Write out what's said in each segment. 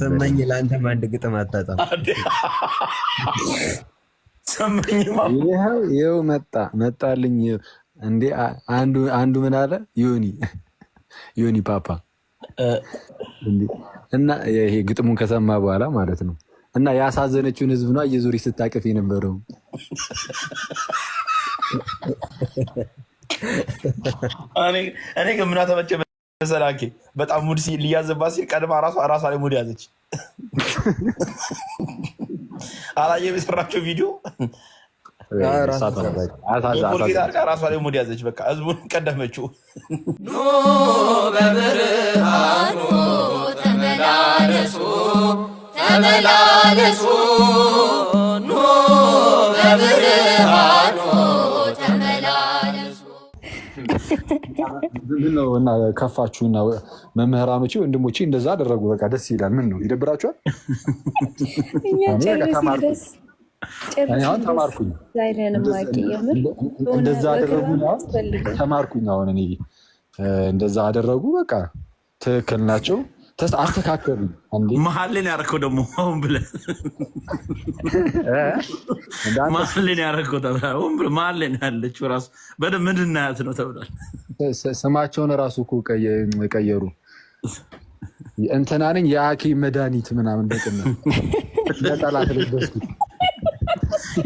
ሰማኝ ለአንተም አንድ ግጥም አታጣም። ይኸው መጣ መጣልኝ። እንዴ አንዱ ምን አለ? ዮኒ ዮኒ ፓፓ እና ይሄ ግጥሙን ከሰማ በኋላ ማለት ነው እና ያሳዘነችውን ህዝብ ነው እየዞሪ ስታቅፍ የነበረው እኔ ምና ተመቸ መሰላኬ በጣም ሙድ ሊያዘባት ሲል ቀድማ ራሷ ራሷ ላይ ሙድ ያዘች። አላየም የሰራቸው ቪዲዮ ራሷ ላይ ሙድ ያዘች። በቃ ህዝቡን ቀደመችው። ኑ በብርሃኑ ተመላለሱ ተመላለሱ ምነው እና ከፋችሁና መምህራኖች ወንድሞቼ እንደዛ አደረጉ። በቃ ደስ ይላል። ምን ነው ይደብራችኋል? አሁን ተማርኩኝ፣ እንደዛ አደረጉ፣ ተማርኩኝ። አሁን እኔ እንደዛ አደረጉ፣ በቃ ትክክል ናቸው። አስተካከሉ። መሀል ላይ ደግሞ አሁን ብለህ መሀል ላይ ያደረከው ተብሏል። ያለችው ራሱ በደምብ ምንድናያት ነው ተብሏል። ስማቸውን ራሱ እኮ ቀየሩ። እንትና ነኝ የሐኪም መድኃኒት ምናምን በቅና ለጠላት ልበስኩ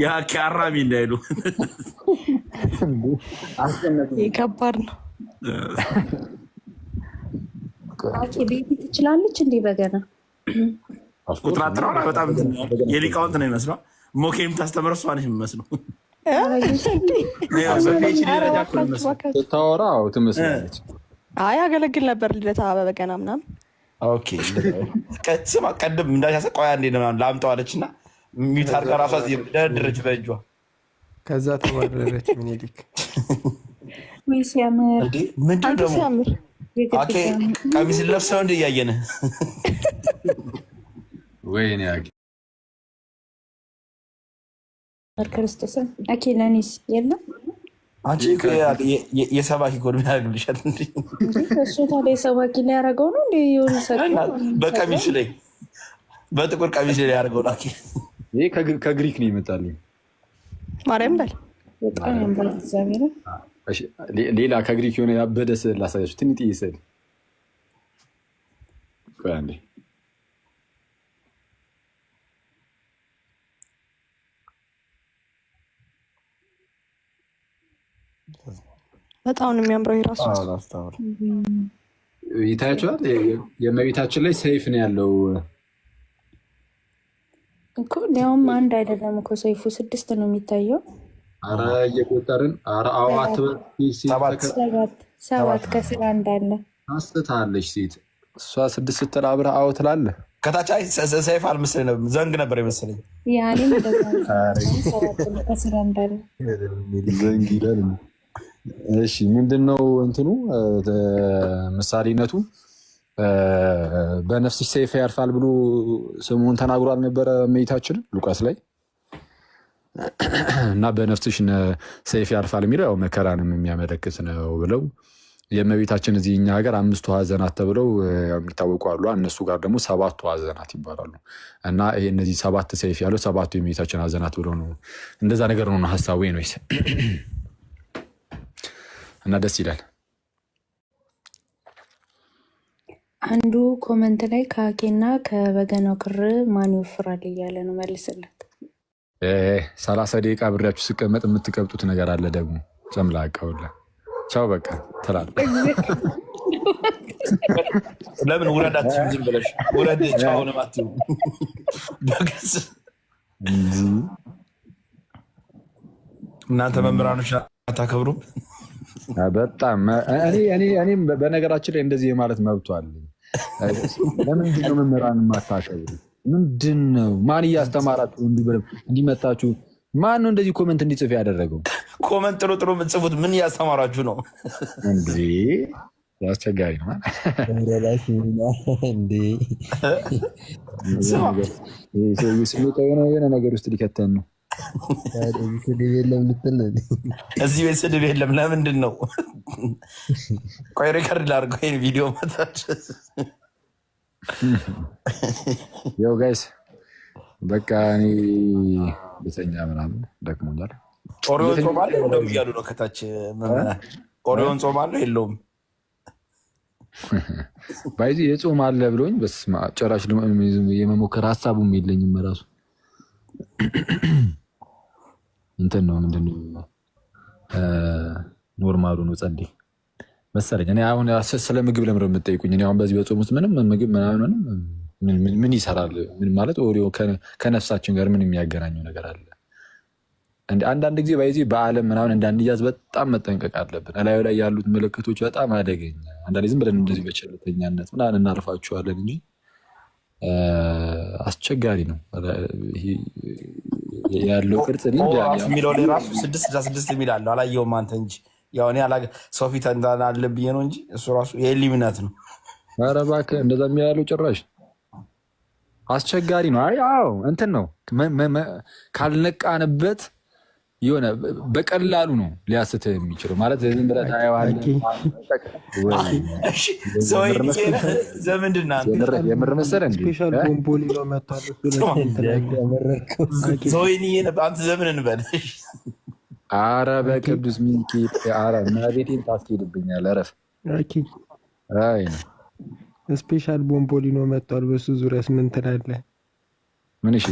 የሐኪ አራሚ እንዳይሉ ከባድ ነው። ቤቲ ትችላለች እንዴ? በገና ቁጥራጥረው በጣም የሊቃውንት ነው ይመስለው። ሞኬ የምታስተምረው እሷ ነች የሚመስለው ስታወራ ትመስላለች። አይ አገለግል ነበር ልደታ በበገና ምናምን። እና ራሷ በእጇ ከዛ ተባረረች። ምኒልክ ሲያምር ምንድን ቀሚስ ለብሰው እንደ እያየን ወይኔ ክርስቶስን አኬ ለእኔስ የለም። አንቺ የሰባ ኪኮን ያደርግልሻል። እሱ ታዲያ የሰባ ላይ ያደረገው ነው እንደ የሆነ በቀሚሱ ላይ በጥቁር ቀሚስ ላይ ያደረገው ነው። ይህ ከግሪክ ነው ይመጣልኝ። ማርያም በል በጣም ያምባል እግዚአብሔር ሌላ ከግሪክ የሆነ ያበደ ስዕል ላሳያችሁ። ትንጥ ስዕል በጣም ነው የሚያምረው። የራሱ ይታያቸዋል። የእመቤታችን ላይ ሰይፍ ነው ያለው እኮ። ሊያውም አንድ አይደለም እኮ ሰይፉ ስድስት ነው የሚታየው። አረ እየቆጠርን አረ አዋ ሰባት ከስራ እንዳለ ታስትታለች ሴት እሷ ስድስት ስትል አብረ አዎ ትላለህ። ከታች ሰይፍ አልመሰለኝም ዘንግ ነበር የመሰለኝ ዘንግ ይላል። እሺ ምንድነው እንትኑ ምሳሌነቱ? በነፍስሽ ሰይፍ ያልፋል ብሎ ስሙን ተናግሮ አልነበረ መይታችን ሉቃስ ላይ እና በነፍስሽ ሰይፍ ያርፋል የሚለው ያው መከራንም የሚያመለክት ነው ብለው የእመቤታችን እዚህ እኛ ሀገር አምስቱ ሀዘናት ተብለው የሚታወቁ አሉ። እነሱ ጋር ደግሞ ሰባቱ ሀዘናት ይባላሉ እና ይሄ እነዚህ ሰባት ሰይፍ ያለው ሰባቱ የእመቤታችን ሀዘናት ብለው ነው። እንደዛ ነገር ነው ሀሳቡ ነው እና ደስ ይላል። አንዱ ኮመንት ላይ ከአኬና ከበገናው ክር ማን ይወፍራል እያለ ነው መልስልን ሰላሳ ደቂቃ ብሬያችሁ ስቀመጥ የምትቀብጡት ነገር አለ ደግሞ ጨምላቀውላ ቻው በቃ ትላል። ለምን ውረዳችሁ? ዝም ብለሽ ውረድ ቻው ለማትሉ በገጽ እናንተ መምህራኖች አታከብሩም በጣም እኔም በነገራችን ላይ እንደዚህ የማለት መብቷል። ለምንድነው መምህራን ማታከብሩ? ምንድን ነው? ማን እያስተማራችሁ እንዲመታችሁ? ማን ነው እንደዚህ ኮመንት እንዲጽፍ ያደረገው? ኮመንት ጥሩ ጥሩ የምትጽፉት ምን እያስተማራችሁ ነው? አስቸጋሪ የሆነ ነገር ውስጥ ሊከተን ነው። እዚህ ቤት ስድብ የለም። ለምንድን ነው? ቆይ ሪከርድ ላድርገው ቪዲዮ መታች ያው ጋይስ በቃ እኔ ቤተኛ ምናምን ደክሞኛል። ኦሪዮን ጾማለ የለውም እያሉ ነው ከታች ኦሪዮን ጾማለ የለውም ባይዚ የጾም አለ ብሎኝ በስመ አብ ጭራሽ የመሞከር ሀሳቡም የለኝም። ራሱ እንትን ነው ምንድን ነው ኖርማሉ ነው ጸልይ መሰለኝ እኔ አሁን ስለ ምግብ ለምረ የምጠይቁኝ አሁን በዚህ በጾም ውስጥ ምንም ምግብ ምናምንም ምን ይሰራል? ምን ማለት ኦሪዮ ከነፍሳችን ጋር ምን የሚያገናኘው ነገር አለ? አንዳንድ ጊዜ ባይዚ በዓለም ምናምን እንዳንያዝ በጣም መጠንቀቅ አለብን። እላዩ ላይ ያሉት ምልክቶች በጣም አደገኛ። አንዳንዴ ዝም ብለን እንደዚህ በቸልተኛነት ምናምን እናልፋችኋለን እንጂ አስቸጋሪ ነው ያለው ቅርጽ የሚለው ራሱ ስድስት ስድስት የሚል አለው አላየውም አንተ እንጂ ያው እኔ አላ ሰው ፊት አለ ብዬ ነው እንጂ እሱ ራሱ የሊምነት ነው። ኧረ እባክህ እንደዛ የሚያሉ ጭራሽ አስቸጋሪ ነው። አይ አዎ እንትን ነው ካልነቃንበት የሆነ በቀላሉ ነው ሊያስት የሚችለው ማለት ዝም ብለህ ታየዋለህ መሰለህ ዘመን እንበል አረ በቅዱስ ሚካኤል አረ መቤቴን ታስኬድብኛል። ረፍ ስፔሻል ቦምቦሊኖ መጥቷል። በሱ ዙሪያስ ምን ትላለህ? ምን እሺ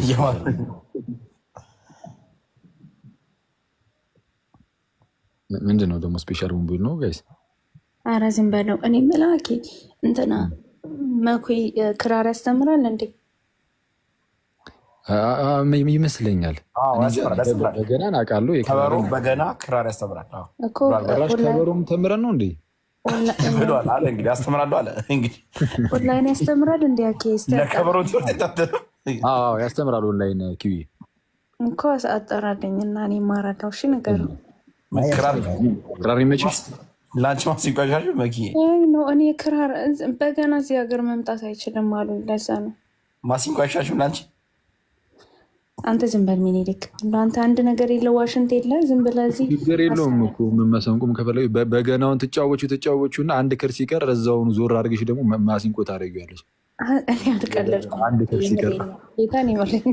ምንድን ነው ደግሞ ስፔሻል ቦምቦሊኖ ጋይስ? አረ ዝም በለው። እኔ ምላኪ እንትና መኩ ክራር ያስተምራል እንዴ? ይመስለኛል በገና ናቃሉ ከበሮ፣ በገና፣ ክራር ያስተምራል። ከበሮም ተምረን ነው እንዴ? ኦንላይን ያስተምራል እንዲ ለከበሮ ያስተምራል። ኦንላይን ኪዊ እኮ እና እኔ ሺ ነገር ክራር ይመችሽ መኪ ነው። እኔ ክራር በገና እዚህ ሀገር መምጣት አይችልም አሉ። ለዛ ነው ማሲንቋሻሽ ላንቺ አንተ ዝም በል ሚኒ ልክ አንተ አንድ ነገር የለው ዋሽንት የለ ዝም ብለህ እዚህ ችግር የለውም እኮ መሰንቆም ከፈለግሽ በገናውን ትጫወቹ ትጫወቹ እና አንድ ክር ሲቀር እዛውን ዞር አድርገሽ ደግሞ ማሲንቆ ታደርጊያለሽ። አንድ ክር ሲቀር ጌታን ይመለኝ።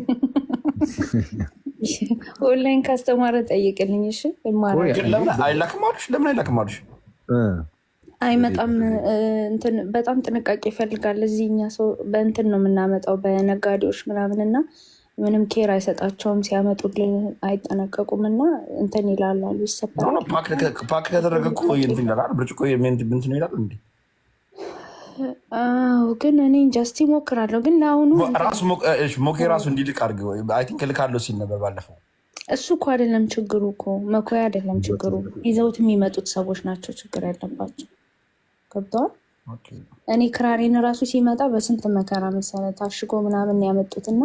ኦንላይን ካስተማረ ጠይቅልኝ። እሺ ለምን አይላክማሉሽ? ለምን አይላክማሉሽ? አይመጣም እንትን በጣም ጥንቃቄ ይፈልጋል። እዚህ እኛ ሰው በእንትን ነው የምናመጣው በነጋዴዎች ምናምን እና ምንም ኬር አይሰጣቸውም። ሲያመጡልን አይጠነቀቁም እና እንትን ይላሉ ይሰጣል። ፓክ ከተደረገ እንትን ይላል ብርጭቆ እንትን ይላል እንዴ? ግን እኔ እንጃ። እስኪ እሞክራለሁ። ግን ለአሁኑ ሞኬ ራሱ እንዲልቅ አድርግ እልካለሁ ሲል ነበር ባለፈው። እሱ እኮ አይደለም ችግሩ እኮ መኮያ አይደለም ችግሩ፣ ይዘውት የሚመጡት ሰዎች ናቸው ችግር ያለባቸው። ገብተዋል። እኔ ክራሬን ራሱ ሲመጣ በስንት መከራ መሰለ ታሽጎ ምናምን ያመጡትና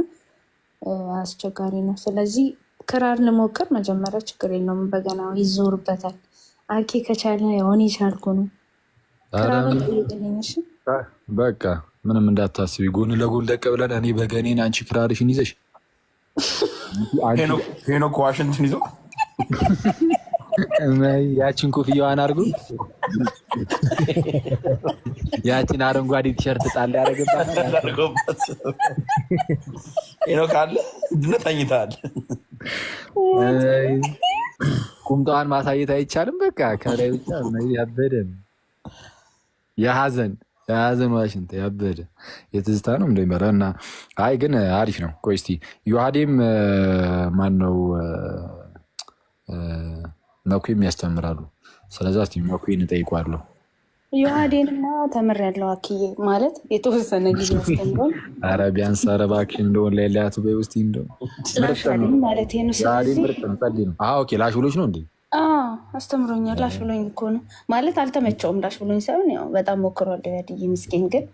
አስቸጋሪ ነው። ስለዚህ ክራር ልሞክር መጀመሪያ ችግር የለውም። በገና ይዞርበታል። አኬ ከቻለ የሆን የቻልኩ ነው። በቃ ምንም እንዳታስቢ፣ ጎን ለጎን ለቅ ብለን እኔ በገኔን አንቺ ክራርሽን ይዘሽ ሄኖክ ዋሽንትን ይዞ ያቺን ኮፍያዋን አድርጉ፣ ያቺን አረንጓዴ ቲሸርት ጣል ያደረገባት ነው ካለ ድነተኝታል። ቁምጣዋን ማሳየት አይቻልም። በቃ ከላይ ብቻ ያበደ የሀዘን የሀዘን ዋሽንት ያበደ የትዝታ ነው እንደሚበላ እና አይ ግን አሪፍ ነው። ቆይ እስኪ ዮሐዴም ማን ነው? መኩም ያስተምራሉ። ስለዛ ስ መኩን እጠይቋለሁ። ዮሐዴንማ ተምሬያለሁ አክዬ ማለት የተወሰነ ጊዜ ያስተምረን። ኧረ ቢያንስ ኧረ እባክሽ እንደሆን ሌላት በይ ውስጥ እንደሆን ማለት ነው። ላሽ ብሎች ነው እንዴ? አስተምሮኛል። ላሽ ብሎኝ እኮ ነው ማለት አልተመቸውም። ላሽ ብሎኝ ሳይሆን ያው በጣም ሞክሯል ያድይ ምስኪን፣ ግን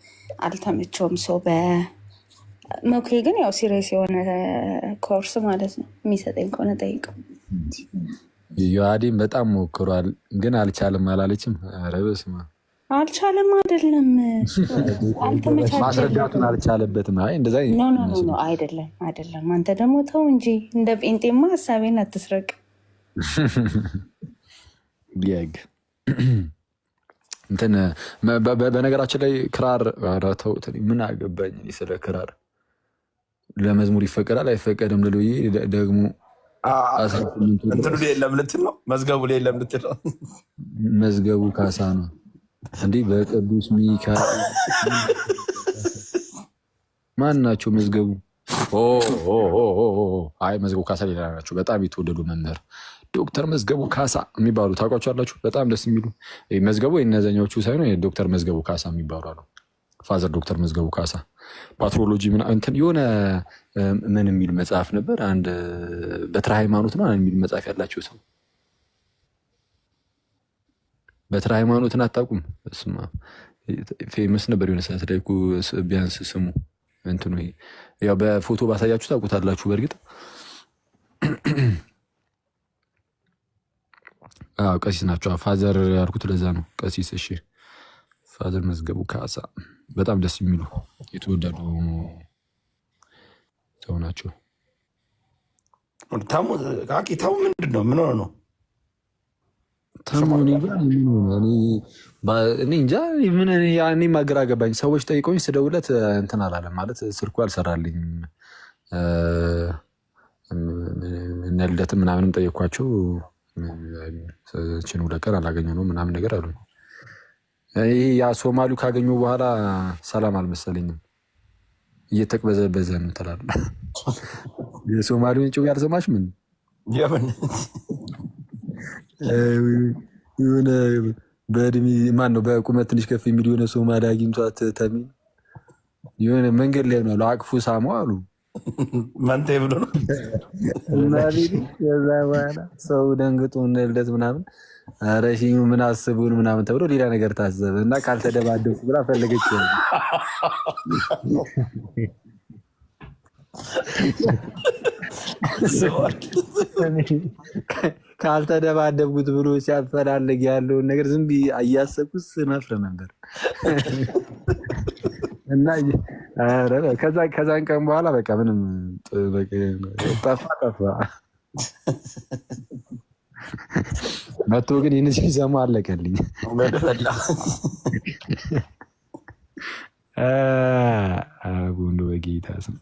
አልተመቸውም። ሰው በመኩ ግን ያው ሲሪየስ የሆነ ኮርስ ማለት ነው የሚሰጠኝ ከሆነ ጠይቀው ዮሐዴን በጣም ሞክሯል፣ ግን አልቻለም። አላለችም? ኧረ በስመ አብ አልቻለም አይደለም፣ ማስረዳቱን አልቻለበትም። አይ እንደዛ አይደለም አይደለም። አንተ ደግሞ ተው እንጂ እንደ ጴንጤማ ሀሳቤን አትስረቅ። ግ እንትን በነገራችን ላይ ክራር ራተው ምን አገባኝ ስለ ክራር። ለመዝሙር ይፈቀዳል አይፈቀድም ልልይ ደግሞ እንትኑ የለም ልትል ነው መዝገቡ የለም ልትል ነው። መዝገቡ ካሳ ነው እንዲህ በቅዱስ ሚካኤል ማን ናቸው? መዝገቡ አይ መዝገቡ ካሳ ሌላ ናቸው። በጣም የተወደዱ መምህር ዶክተር መዝገቡ ካሳ የሚባሉ አላችሁ በጣም ደስ የሚሉ መዝገቡ የእነዚያኛዎቹ ሳይሆን ዶክተር መዝገቡ ካሳ የሚባሉ አሉ። ፋዘር ዶክተር መዝገቡ ካሳ ፓትሮሎጂ እንትን የሆነ ምን የሚል መጽሐፍ ነበር፣ አንድ በትረ ሃይማኖት ነው የሚል መጽሐፍ ያላቸው ሰው በትረ ሃይማኖትን አታውቁም? ስማ ፌመስ ነበር የሆነ ሰዓት ላይ ቢያንስ ስሙ እንትኑ ያው በፎቶ ባሳያችሁ ታውቁታላችሁ። በእርግጥ ቀሲስ ናቸው። ፋዘር ያልኩት ለዛ ነው። ቀሲስ እሺ፣ ፋዘር መዝገቡ ካሳ በጣም ደስ የሚሉ የተወደዱ ሰው ናቸው። ታሙ ምንድን ነው? ምን ሆነ ነው? እንጃ እኔም ግራ ሰዎች ጠይቀኝ ስደውለት እንትን አላለም ማለት ስልኩ አልሰራልኝም። እነ ልደትም ምናምንም ጠየኳቸው። ችን ሁለት አላገኘ ነው ምናምን ነገር አሉኝ። ይህ የሶማሉ ካገኙ በኋላ ሰላም አልመሰለኝም። እየተቅበዘበዘ ነው ትላል። የሶማሊውን ጭው ያልሰማሽ ምን የሆነ በእድሜ ማን ነው በቁመት ትንሽ ከፍ የሚል የሆነ ሶማሊ አግኝቷት ተሚ የሆነ መንገድ ላይ ነው ለአቅፉ ሳሙ አሉ መንቴ ብሎ ነው በኋላ ሰው ደንግጦ እነ ምናምን ኧረ ሺህ ምን አስቡን ምናምን ተብሎ ሌላ ነገር ታሰበ እና ካልተደባደብኩ ብላ ፈለገች። ካልተደባደብኩት ብሎ ሲያፈላልግ ያለውን ነገር ዝም ብዬ እያሰብኩት ስመፍር ነበር እና ከዛን ቀን በኋላ በቃ ምንም ጠፋ ጠፋ። መቶ ግን ይህን ሲሰማ አለቀልኝ። ጎንዶ በጌታ ስም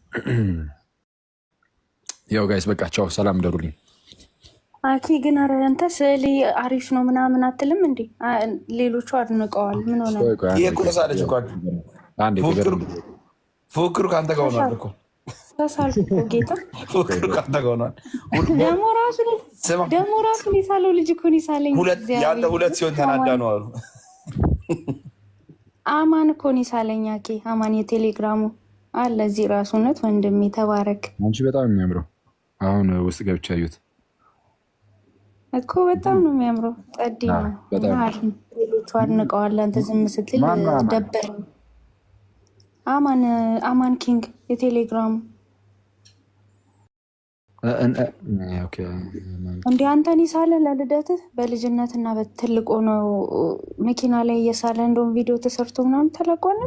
ያው ጋይስ በቃ ቻው፣ ሰላም ደሩልኝ። አኪ ግን አረ አንተ ስዕል አሪፍ ነው ምናምን አትልም እንዴ? ሌሎቹ አድንቀዋል። ምን ሆነ? ፉክሩ ከአንተ ጋር ሆኗል እኮ ተሳልኩ ጌታ ደግሞ የሳለው ልጅ እኮ ነው ያለ ሁለት ሲሆን ተናዳ ነው አሉ። አማን እኮ አኬ አማን የቴሌግራሙ አለ እዚህ ራሱ እውነት ወንድሜ ተባረክ። አንቺ በጣም የሚያምረው አሁን ውስጥ ገብቼ አየሁት እኮ በጣም ነው የሚያምረው። ጠዲ ሌሎቹ አድንቀዋል። አንተ ዝም ስትል አማን አማን ኪንግ የቴሌግራሙ እንዲህ አንተን ይሳለ ለልደትህ በልጅነት እና በትልቅ ሆኖ መኪና ላይ እየሳለ እንደውም ቪዲዮ ተሰርቶ ምናምን ተለቆነ።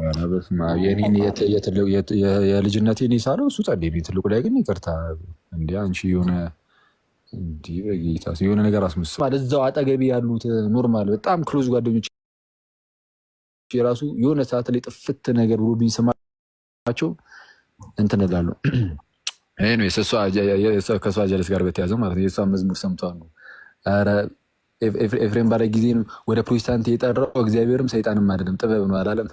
የልጅነቴን የሳለው እሱ ጸዴ፣ ትልቁ ላይ ግን ይቅርታ እንዲ አንቺ የሆነ ጌታ የሆነ ነገር አስመስል እዛው አጠገቢ ያሉት ኖርማል በጣም ክሎዝ ጓደኞች የራሱ የሆነ ሰዓት ላይ ጥፍት ነገር ብሎ ቢሰማቸው እንትን እላለሁ ይህ ከእሷ ጀለስ ጋር በተያዘ ማለት ነው። የእሷ መዝሙር ሰምተዋል ነው ኤፍሬም ባለ ጊዜ ወደ ፕሮቴስታንት የጠራው እግዚአብሔርም ሰይጣንም አይደለም ጥበብ ነው አላለም።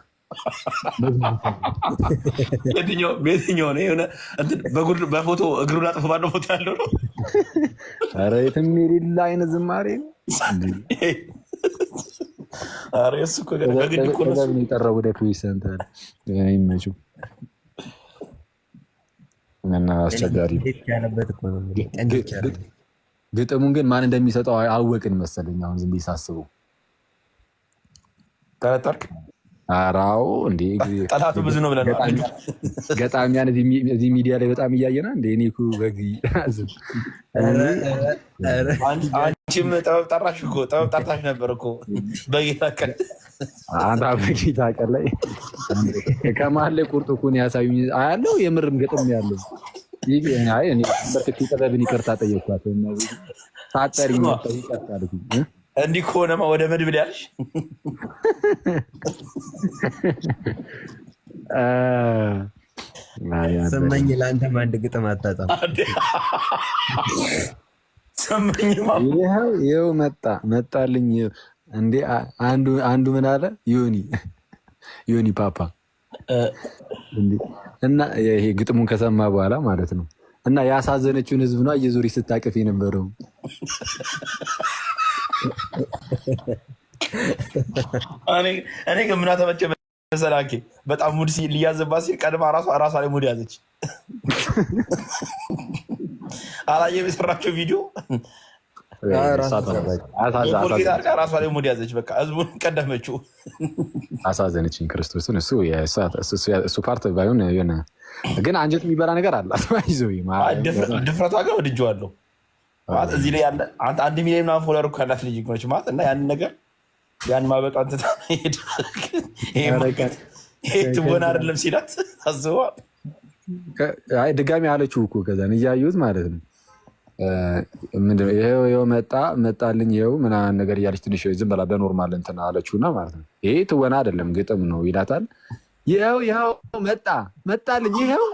ቤትኛው ነው የሆነ በጉድ በፎቶ እግሩን አጥፎ ባለው ፎቶ ያለው ነው። ኧረ የትም የሌለ አይነት ዝማሬ ነው። ኧረ እሱ እኮ በግድ ነው የጠራው ወደ ፕሮቴስታንት አለ። ይመችው። እና አስቸጋሪ ግጥሙን ግን ማን እንደሚሰጠው አወቅን መሰለኝ። አሁን ዝም ሳስቡ ሳስበው ጠረጠርክ? ኧረ አዎ። ጠላቱ ብዙ ነው ብለህ ገጣሚያን እዚህ ሚዲያ ላይ በጣም እያየና እንደ እኔ እኮ በዚህ አንቺም ጥበብ ጠራሽ እኮ ጥበብ ጠርታሽ ነበር እኮ በጌታ ቀን አንተ በጌታ ቀን ላይ ከመሀል ላይ ቁርጥ እኮ ነው ያሳዩኝ አያለው። የምርም ግጥም ያለው ጥበብን ይቅርታ ጠየኳት። ሳጠሪ እንዲህ ከሆነማ ወደ መድብል ያልሽ ስመኝ ለአንተ አንድ ግጥም አታጣም። ይኸው መጣ መጣልኝ። እንዴ አንዱ ምን አለ ዮኒ ዮኒ ፓፓ እና ይሄ ግጥሙን ከሰማ በኋላ ማለት ነው እና ያሳዘነችውን ህዝብ ነው እየዙሪ ስታቅፍ የነበረው እኔ ግን ምና ተመቸ መሰላኬ በጣም ሙድ ሊያዝባት ሲል ቀድማ ራሷ ላይ ሙድ ያዘች አላየ የሰራቸው ቪዲዮ ራሷ ላይ ያዘች። በቃ ህዝቡን ቀደመችው፣ አሳዘነችኝ። ክርስቶስን እሱ ፓርት ባይሆን የሆነ ግን አንጀት የሚበላ ነገር አላት። ይዘው ድፍረቷ ጋር ወድጄዋለሁ። ማለት እዚህ ላይ ያለ አንድ ሚሊዮን ምናምን ፎሎወር እኮ ያላት ልጅ ነች ማለት እና ያን ነገር ያን ማበጣን ትታ ሄድ ትወና አይደለም ሲላት አስበዋል። ድጋሚ አለችው እኮ ከዛን እያየሁት ማለት ነው ይኸው መጣ መጣልኝ ይኸው ምናምን ነገር እያለች ትንሽ ዝም በላ በኖርማል እንትን አለችው ማለት ነው ይሄ ትወና አይደለም ግጥም ነው ይላታል። ይኸው ይኸው መጣ መጣልኝ ይኸው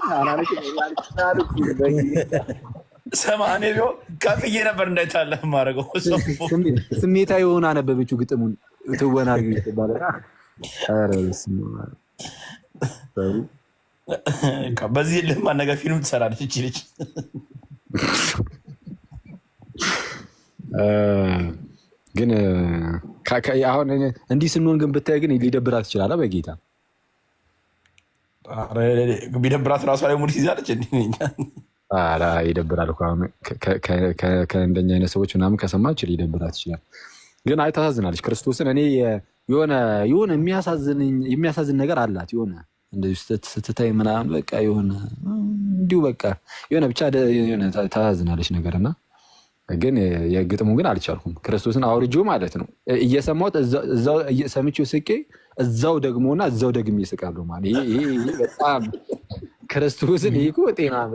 ሰማኔ ቢሆ ከፍዬ ነበር እንዳይታለ ማድረገው ስሜታ የሆን አነበበችው ግጥሙን ትወና በዚህ ልማ ነገር ፊልም ትሰራለች ልጅ ግን አሁን እንዲህ ስንሆን ግን ብታይ ግን ሊደብራት ይችላል። በጌታ ቢደብራት ራሷ ላይ ሙድ ትይዛለች። ይደብራል። ከእንደኛ አይነት ሰዎች ምናምን ከሰማች ሊደብራት ይችላል። ግን አይ ታሳዝናለች። ክርስቶስን እኔ የሆነ የሆነ የሚያሳዝን ነገር አላት። የሆነ እንደዚህ ስትታይ ምናምን በቃ የሆነ እንዲሁ በቃ የሆነ ብቻ ታሳዝናለች ነገር እና ግን የግጥሙ ግን አልቻልኩም። ክርስቶስን አውርጆ ማለት ነው እየሰማሁት ሰምቼው ስቄ እዛው ደግሞና እዛው ደግሜ ይስቃሉ ማለት ይሄ በጣም ክርስቶስን ይሄ እኮ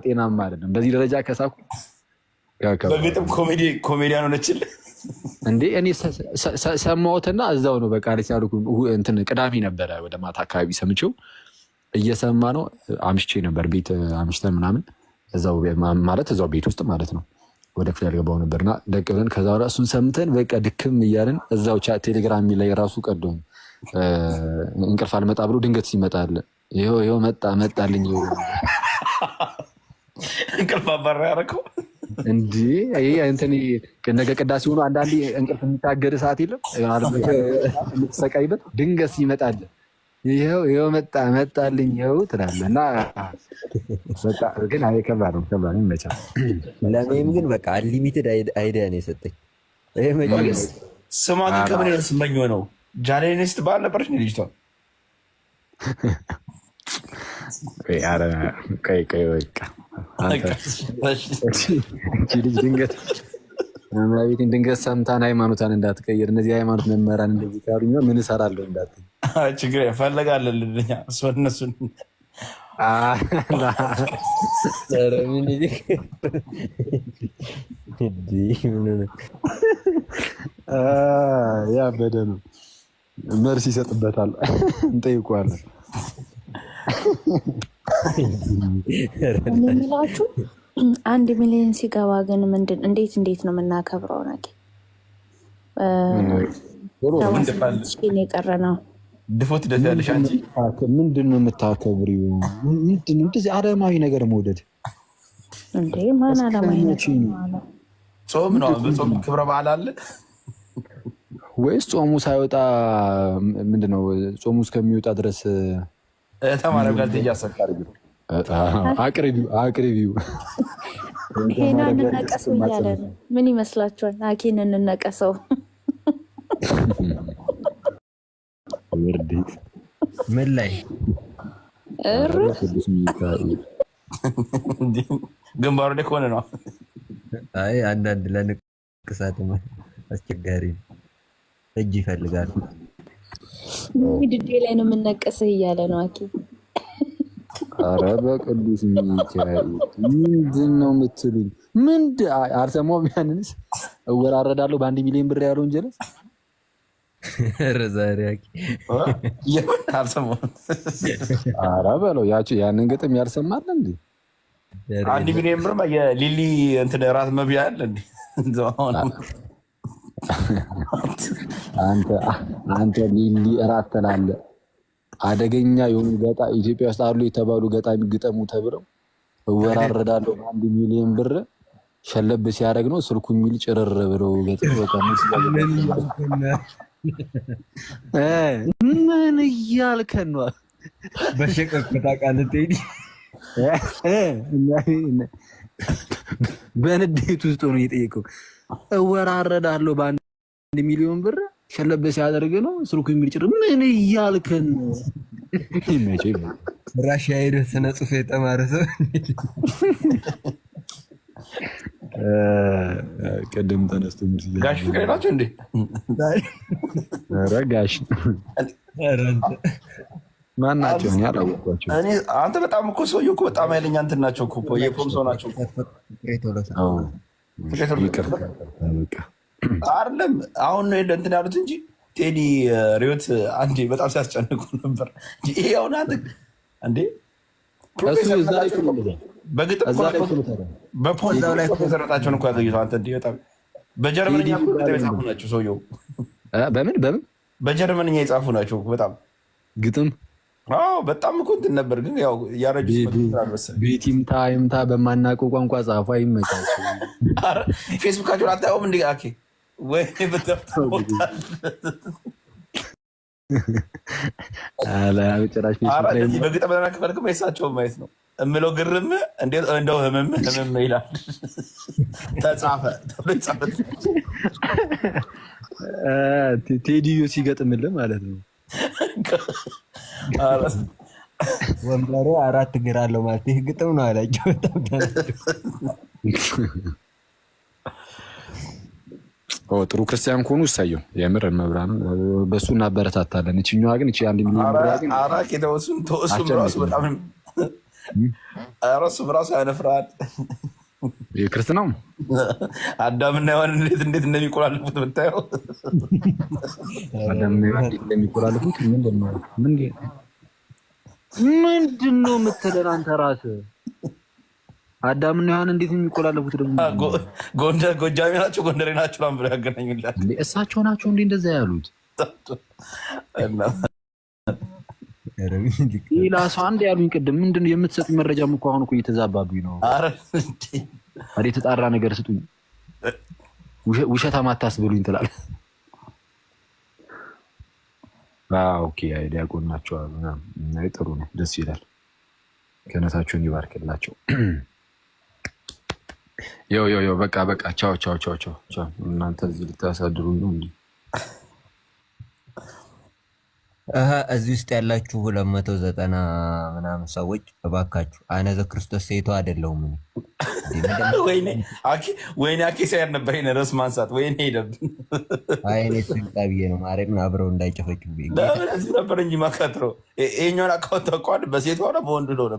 ጤናማ አይደለም። በዚህ ደረጃ ከሳኩ በግጥም ኮሜዲያን ሆነችልህ እንዴ? እኔ ሰማሁትና እዛው ነው በቃ አልቻልኩም። እንትን ቅዳሜ ነበረ ወደ ማታ አካባቢ ሰምቼው እየሰማ ነው። አምሽቼ ነበር ቤት አምሽተን ምናምን ማለት እዛው ቤት ውስጥ ማለት ነው ወደ ክፍል ያልገባው ነበርና ደቅ ብለን ከዛ በኋላ እሱን ሰምተን በቃ ድክም እያለን እዛው ቴሌግራም ላይ ራሱ ቀዶን እንቅልፍ አልመጣ ብሎ ድንገት ሲመጣል ይኸው ይኸው መጣ መጣልኝ እንቅልፍ አባራ ያደረገው እንዲ እንትን ነገ ቅዳሴ ሆኖ አንዳንዴ እንቅልፍ የሚታገድ ሰዓት የለም የምትሰቃይበት ድንገት ይመጣል ይኸው ይኸው መጣ መጣልኝ ይኸው ትላለህ እና ግን አይ ከባድ ነው ከባድ ነው መቻ ለእኔም ግን በቃ አንሊሚትድ አይዲያ ነው የሰጠኝ ስማ ግን ከምን ይነት ስመኝ ሆነው ጃኔኔ ስትባል ነበረች ልጅቷ ቆይ ቆይ በቃ ልጅ ድንገት ቤቴን ድንገት ሰምታን ሃይማኖታን እንዳትቀይር እነዚህ ሃይማኖት መመራን እንደዚህ ካሉኝ ምን እሰራለሁ እንዳትል ችግር ይፈልጋለን ልኛ እነሱን ያ በደሉ መርስ ይሰጥበታል፣ እንጠይቋለን። የሚላችሁ አንድ ሚሊዮን ሲገባ ግን ምንድን እንዴት እንዴት ነው የምናከብረው? ነገ የቀረ ነው ድፎ ትደፊያለሽ አንቺ። ምንድን ነው የምታከብሪው? ምንድን እንደዚህ አለማዊ ነገር መውደድ? ጾም ነው። በጾም ክብረ በዓል አለ ወይስ ጾሙ ሳይወጣ ምንድን ነው? ጾሙ እስከሚወጣ ድረስ ተማረ ጋር እያሰካር አቅርቢው ኬና እንነቀሰው እያለ ምን ይመስላችኋል? አኬን እንነቀሰው ምን ላይ ግንባሩ ላይ ከሆነ ነው። አይ አንዳንድ ለንቅሳት አስቸጋሪ እጅ ይፈልጋል። ድዴ ላይ ነው የምነቀስህ እያለ ነው አኪ። አረ በቅዱስ ሚካኤል ምንድን ነው የምትሉኝ? ምንድ አልሰማሁም። ያንንስ እወራረዳለሁ በአንድ ሚሊዮን ብር ያለው እንጀለስ ዛሬ ኧረ በለው ያንን ግጥም ያልሰማል እንዴ? አንድ ሚሊዮን ብር የሊሊ እንትን ራት መብያ አለ እንዴ? አንተ ሊሊ እራት ትላለህ። አደገኛ የሆኑ ገጣ ኢትዮጵያ ውስጥ አሉ የተባሉ ገጣሚ ግጠሙ ተብለው እወራረዳለሁ አንድ ሚሊዮን ብር ሸለብ ሲያደርግ ነው ስልኩ የሚል ጭርር ብለው ገጥ ምን እያልከን ነው? በሸቀቅታ ቃል ቴዲ በንዴት ውስጥ ሆኖ እየጠየቀው እወራረዳለሁ በአንድ ሚሊዮን ብር ሸለበ ሲያደርግ ነው ስልኩ የሚጭር ምን እያልከን ነው? ራሽያ ሄደ ስነ ጽሁፍ የተማረ ሰው ቅድም ተነስቶ ጋሽ ፍቅሬ ናቸው እንዴ? ጋሽ ማን ናቸው? እኔ አላወቅኳቸው። አንተ በጣም እኮ ሰውዬው እኮ በጣም ኃይለኛ እንትን ናቸው እኮ የቆም ሰው ናቸው። አይደለም አሁን ነው እንትን ያሉት እንጂ ቴዲ ሪዮት አንዴ በጣም ሲያስጨንቁ ነበር። ይሄ አሁን አንተ እንዴ ፕሮፌሰር በግጥም በፖዛው ላይ መሰረታቸውን እኮ ያገኙት አንተ እንዲህ በጣም በጀርመንኛ የጻፉ ናቸው ሰውየው። በምን በምን በጀርመንኛ የጻፉ ናቸው በጣም ግጥም። በጣም እኮ እንትን ነበር፣ ግን ያው ያረጁ ቤቲምታ ይምታ በማናቁ ቋንቋ ጻፉ። አይመቻቸው። ፌስቡካቸውን አታየውም እንዲ አኬ ወይ ብታታል በግጠ በና ከፈልክ የሳቸውን ማየት ነው እምለው ግርም እንዴት እንደው ህምም ህምም ይላል ተጻፈ ቴዲዮ ሲገጥምልህ ማለት ነው። ወንበሬ አራት እግር አለው ማለት ይህ ግጥም ነው አላቸው። በጣም ጥሩ ክርስቲያን ከሆኑ እሳየው። የምር መብራን በሱ እናበረታታለን። እችኛዋ ግን እች አንድ ሚሊዮን ራሱ ያነፍራል። ክርስትናው አዳምና ሔዋን እንዴት እንዴት እንደሚቆላልፉት ብታየው። አዳምና ሔዋን እንዴት እንደሚቆላልፉት ምንድን ነው ምንድን ነው የምትለን አንተ ራስህ አዳምና ሔዋን እንዴት የሚቆላለፉት ደግሞ ጎንደር ጎጃሜ ናቸው፣ ጎንደሬ ናቸው ላም ብለው ያገናኙላል እሳቸው ናቸው። እንዴ እንደዛ ያሉት ሌላ ሰው አንድ ያሉኝ ቅድም ምንድን ነው የምትሰጡ መረጃም እኮ አሁን እኮ እየተዛባብኝ ነው። ኧረ የተጣራ ነገር ስጡኝ፣ ውሸታም አታስብሉኝ ትላለህ። ኦኬ ዲያቆን ናቸው ጥሩ ነው፣ ደስ ይላል። ከእነታቸውን ይባርክላቸው። ያው ያው ያው በቃ በቃ ቻው ቻው ቻው ቻው ቻው። እናንተ እዚህ ልታሳድሩ ነው እንዴ? አሃ እዚህ ውስጥ ያላችሁ 290 ምናምን ሰዎች እባካችሁ፣ አነዘ ክርስቶስ ሴቶ አይደለሁም እኔ። ወይኔ አኪ ወይኔ አኪ ሳይር ነበር ይሄን ርዕስ ማንሳት ወይኔ ሄደብኝ። አይ እኔ ስልጣ ብዬ ነው ማርያምን፣ አብረው እንዳይጨፈጭብኝ ነበር እንጂ ማካትሮ ይሄኛውን አካውንት አቋል በሴቷ ነው በወንዱ ነው ነበር